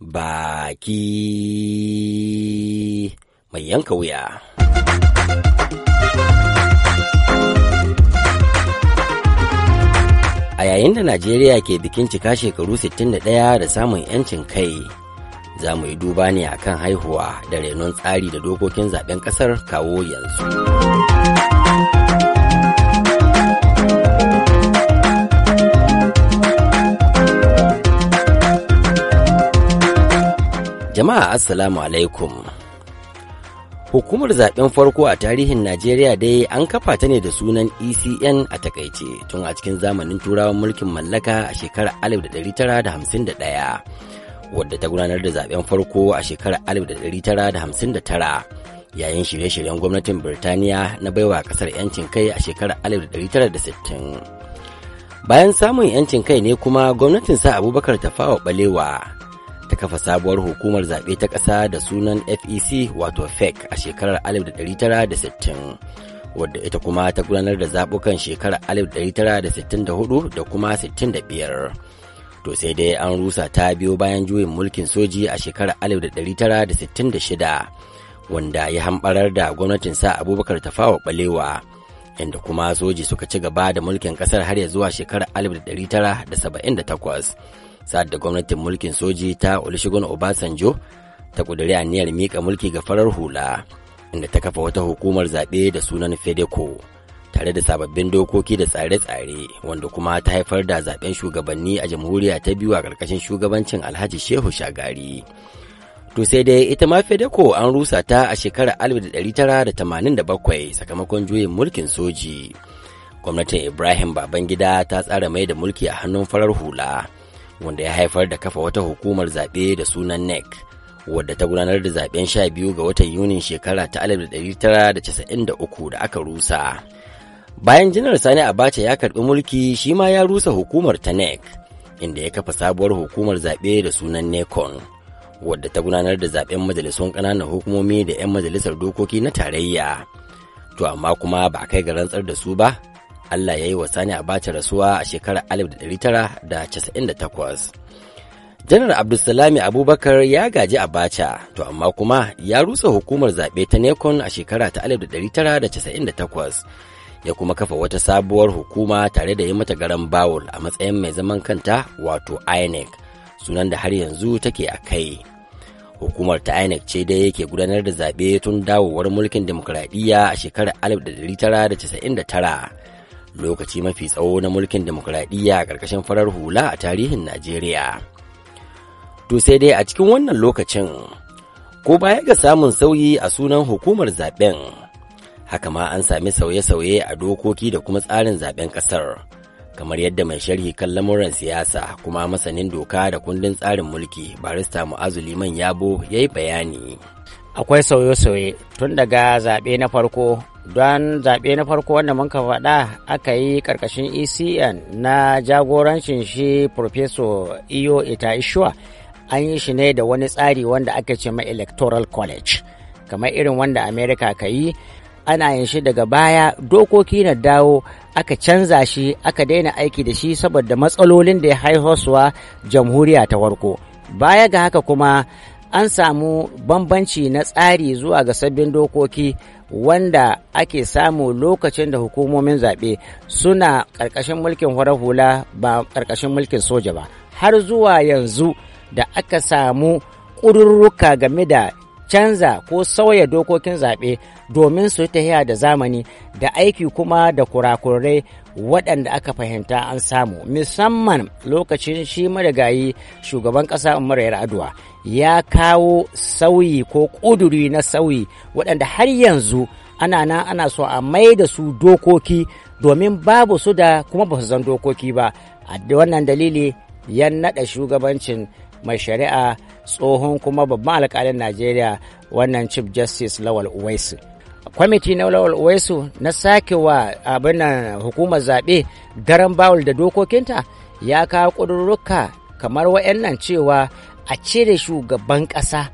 baki mai yanka wuya. A yayin da Najeriya ke bikin cika shekaru 61 da samun 'yancin kai, za mu yi duba ne a kan haihuwa da renon tsari da dokokin zaben ƙasar kawo yanzu. Jama'a Assalamu alaikum. Hukumar zaben farko a tarihin Najeriya dai an kafa ta ne da sunan ECN a takaice tun a cikin zamanin turawan mulkin mallaka a shekarar 1951 wadda ta gudanar da zaben farko a shekarar 1959 yayin shirye-shiryen gwamnatin Birtaniya na baiwa kasar 'yancin kai a shekarar 1960. Bayan samun 'yancin kai ne kuma gwamnatin sa Abubakar ta fawa Balewa ta kafa sabuwar hukumar zaɓe ta ƙasa da sunan FEC wato FEC a shekarar 1960 wadda ita kuma ta gudanar da zaɓukan shekarar 1964 da kuma 65. To sai dai an rusa ta biyo bayan juyin mulkin soji a shekarar 1966 wanda ya hambarar da gwamnatin sa abubakar ta fawa balewa inda kuma soji suka ci gaba da mulkin kasar har ya zuwa shekarar 1978 sa'ad da gwamnatin mulkin soji ta Olusegun Obasanjo ta a aniyar mika mulki ga farar hula inda ta kafa wata hukumar zaɓe da sunan Fedeco tare da sababbin dokoki da tsare-tsare wanda kuma ta haifar da zaɓen shugabanni a jamhuriya ta biyu a ƙarƙashin shugabancin Alhaji Shehu Shagari. To sai dai ita ma Fedeco an rusa ta a shekarar 1987 sakamakon juyin mulkin soji. Gwamnatin Ibrahim Babangida ta tsara mai da mulki a hannun farar hula. wanda ya haifar da kafa wata hukumar zaɓe da sunan nec wadda ta gudanar da zaɓen sha biyu ga watan yunin shekara ta alif da da da uku aka rusa bayan janar sani abacha ya karɓi mulki shi ma ya rusa hukumar ta nec inda ya kafa sabuwar hukumar zaɓe da sunan necon e wadda ta gudanar da zaɓen majalisun ƙananan hukumomi da 'yan majalisar dokoki na tarayya to amma kuma ba kai ga rantsar da su ba Allah ya yi wa Sani Abacha rasuwa a shekarar 1998. Janar Abdulsalami Abubakar ya gaji Abacha, to amma kuma ya rusa hukumar zaɓe ta Nekon a shekara ta 1998. Ya kuma kafa wata sabuwar hukuma tare da yi mata garan bawul a matsayin mai zaman kanta wato INEC, sunan da har yanzu take a kai. hukumar ta inec ce dai yake gudanar da zaɓe tun dawowar mulkin demokuraɗiyya a shekarar lokaci mafi tsawo na mulkin demokuraɗiyya ƙarƙashin farar hula a tarihin Najeriya. To sai dai a cikin wannan lokacin, ko baya ga samun sauyi a sunan hukumar zaben, haka ma an sami sauye-sauye a dokoki da kuma tsarin zaben ƙasar, kamar yadda mai sharhi kan lamuran siyasa kuma masanin doka da kundin tsarin mulki barista Mu'azu Liman Yabo ya yi bayani. Akwai sauye-sauye tun daga zaɓe na farko don zaɓe na farko wanda mun ka faɗa aka yi ƙarƙashin ecn na jagorancin shi professor iyo Ishua, an yi shi ne da wani tsari wanda aka ce ma electoral college kamar irin wanda america ka yi ana yin shi daga baya dokoki na dawo aka canza shi aka daina aiki da shi saboda matsalolin da ya haihosuwa jamhuriya ta warko baya ga haka kuma an samu bambanci na tsari zuwa ga sabbin dokoki wanda ake samu lokacin da hukumomin zaɓe suna ƙarƙashin mulkin hula ba ƙarƙashin mulkin soja ba har zuwa yanzu da aka samu ƙudurruka game da canza ko sauya dokokin zaɓe domin su tahiya da zamani da aiki kuma da kurakurai waɗanda aka fahimta an samu musamman lokacin shi marigayi shugaban ƙasa umar yar'adua ya kawo sauyi ko ƙuduri na sauyi waɗanda har yanzu ana nan ana so a mai da su dokoki domin babu su da kuma ba su zan dokoki ba a wannan dalili ya naɗa shugabancin mai shari'a tsohon kuma babban alkalin najeriya wannan chief justice lawal uwaisu kwamiti na lawal uwaisu na sake wa abin hukumar zaɓe daren bawul da dokokinta ya kawo ƙudurruka kamar wa'annan cewa a cire shugaban ƙasa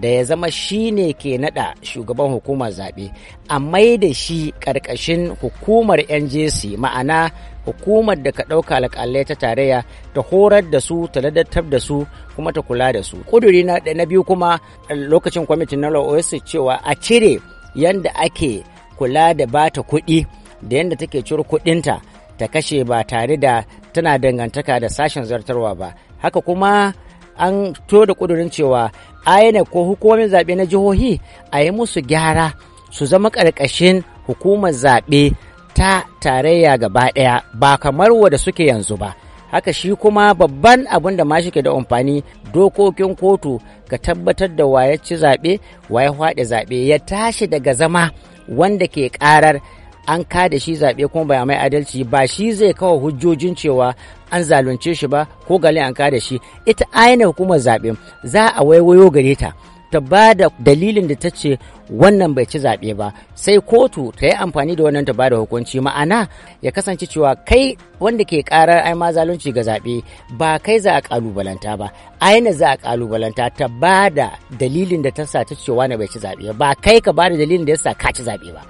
da ya zama shi ne ke nada shugaban hukumar zaɓe a mai da shi ƙarƙashin hukumar njc ma'ana hukumar da ka ɗauka alƙalai ta tarayya ta horar da su ta ladattar da su kuma ta kula da su ƙuduri na biyu kuma lokacin kwamitin na OS cewa a cire yadda ake kula da ba ta kuɗi da yadda take ciro kuɗinta ta kashe ba tare da tana dangantaka da sashen zartarwa ba haka kuma an to da ƙudurin cewa INEC ko hukumomin zaɓe na jihohi a yi musu gyara su zama ƙarƙashin hukumar zaɓe ta tarayya gaba ɗaya ba kamar wada suke yanzu ba haka shi kuma babban abin da mashi ke da amfani dokokin kotu ka tabbatar da waye ci zaɓe waye haɗe zaɓe ya tashi daga zama wanda ke ƙarar an da shi zaɓe kuma ba mai adalci ba shi zai kawo hujjojin cewa an zalunce shi ba ko gale an da shi ita aina hukumar zaɓe za a waiwayo gare ta ta ba da dalilin da ta ce wannan bai ci zaɓe ba sai kotu ta yi amfani da wannan ta ba da hukunci ma'ana ya kasance cewa kai wanda ke karar ai ma zalunci ga zaɓe ba kai za a kalubalanta ba aina za a kalubalanta ta ba da dalilin da ta sa ta ce wani bai ci zaɓe ba kai ka ba da dalilin da ya sa ka ci zaɓe ba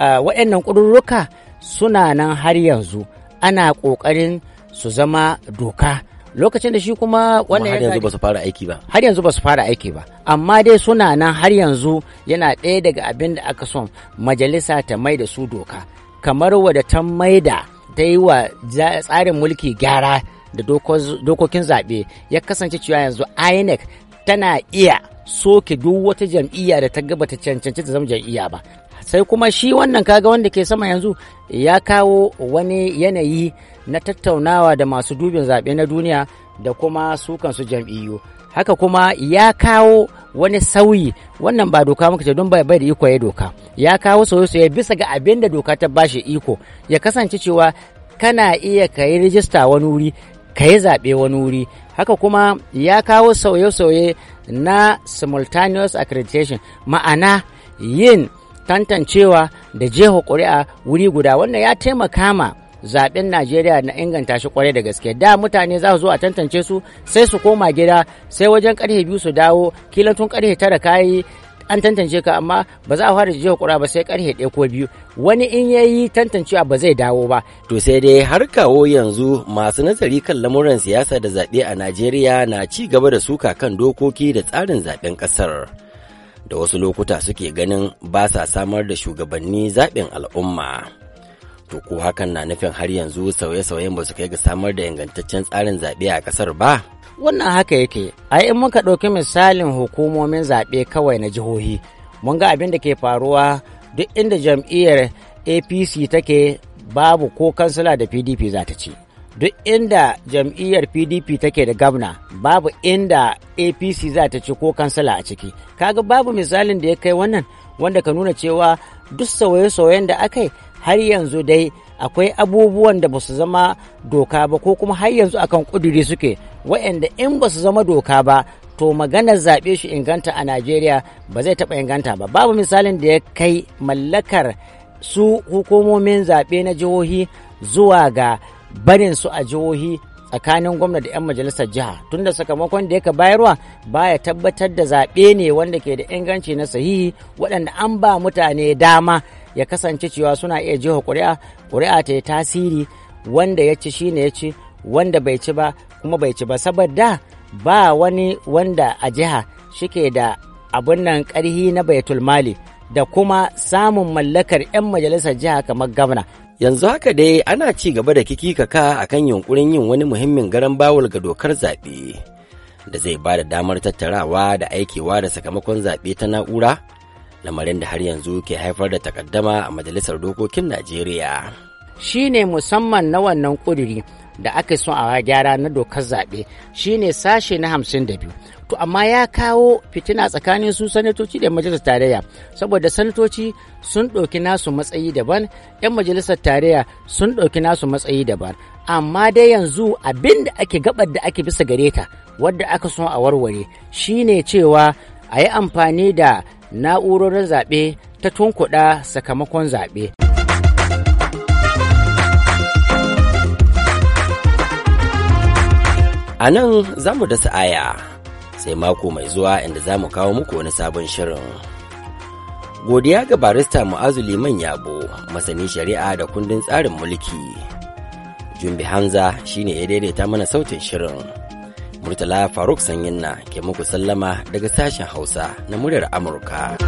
waɗannan ƙudurruka suna nan har yanzu ana ƙoƙarin su zama doka lokacin da shi kuma wannan har yanzu ba su fara aiki ba har yanzu ba su fara aiki ba amma dai suna nan har yanzu yana ɗaya daga abin da aka son majalisa ta mai da su doka kamar wadda ta mai da ta yi wa tsarin mulki gyara da dokokin zaɓe ya kasance cewa yanzu inec tana iya soke duk wata jam'iyya da ta gaba ta cancanci ta zama jam'iyya ba sai kuma shi wannan kaga wanda ke sama yanzu ya kawo wani yanayi na tattaunawa da masu dubin zaɓe na duniya da kuma su jam'iyyu haka kuma ya kawo wani sauyi wannan ba doka muka ce don bai da iko ya doka ya kawo sauye-sauye bisa ga abin da doka ta bashi iko ya kasance cewa kana iya ka yi rijista wani wuri ka yi zaɓe wani wuri haka kuma ya kawo sauye-sauye na simultaneous accreditation ma'ana yin tantancewa da jeho ƙuri'a wuri guda wannan ya taimaka ma zaben Najeriya na inganta shi kwarai da gaske da mutane za su zo a tantance su sai su koma gida sai wajen karfe biyu su dawo kilan tun karfe tara kayi an tantance ka amma ba za a fara jiya kura ba sai karfe ɗaya ko biyu wani in ya yi tantancewa ba zai dawo ba. To sai dai har kawo yanzu masu nazari kan lamuran siyasa da zaɓe a Najeriya na ci gaba da suka kan dokoki da tsarin zaɓen ƙasar. da wasu lokuta suke ganin ba sa samar da shugabanni zaɓin al'umma. To ko hakan na nufin har yanzu sauye-sauyen ba su kai ga samar da ingantaccen tsarin zaɓe a ƙasar ba? Wannan haka yake, ai in muka ɗauki misalin hukumomin zaɓe kawai na jihohi, mun ga abin da ke faruwa duk inda jam'iyyar APC take babu ko kansila da PDP za ta ci. duk inda jam'iyyar pdp take da gabna babu inda apc za ta ci ko kansala a ciki kaga babu misalin da ya kai wannan wanda ka nuna cewa duk sauye-sauyen da aka yi har yanzu dai akwai abubuwan da ba su zama doka ba ko kuma har yanzu akan kuduri suke waɗanda in ba su zama doka ba to maganar zaɓe shi inganta a najeriya ba zai taɓa inganta ba babu misalin da ya kai mallakar su hukumomin zaɓe na jihohi zuwa ga barin su a jihohi tsakanin gwamna da 'yan majalisar jiha tunda sakamakon da yaka bayarwa baya tabbatar da zaɓe ne wanda ke da inganci na sahihi waɗanda an ba mutane dama ya kasance cewa suna iya jiha ƙuri'a ƙuri'a ta yi tasiri wanda ya ci shi ne ya ci wanda bai ci ba kuma bai ci ba saboda ba wani wanda a jiha shike da abin nan ƙarhi na baitul mali da kuma samun mallakar 'yan majalisar jiha kamar gwamna Yanzu haka dai ana ci gaba da kikikaka a kan yunkurin yin wani muhimmin garan bawul ga dokar zaɓe da zai ba da damar tattarawa da aikewa da sakamakon zaɓe ta na'ura, lamarin da har yanzu ke haifar da takaddama a Majalisar Dokokin Najeriya. Shi ne musamman na wannan ƙuduri da aka so a gyara na dokar zaɓe shine sashe na hamsin da biyu to amma ya kawo fitina tsakanin su sanatoci da majalisar tarayya saboda sanatoci sun ɗauki nasu matsayi daban 'yan majalisar tarayya sun ɗauki nasu matsayi daban amma dai yanzu abin da ake gabar da ake bisa gare ta wadda aka so a warware shine cewa a yi amfani da na'urorin zaɓe ta tunkuɗa sakamakon zaɓe. A nan za mu dasa aya sai mako mai zuwa inda za mu kawo muku wani sabon shirin. Godiya ga barista Mu'azu Liman Yabo, masani shari'a da kundin tsarin mulki. Jumbi Hamza shine ya daidaita mana sautin shirin. Murtala Faruk Sanyinna ke muku sallama daga sashen Hausa na muryar Amurka.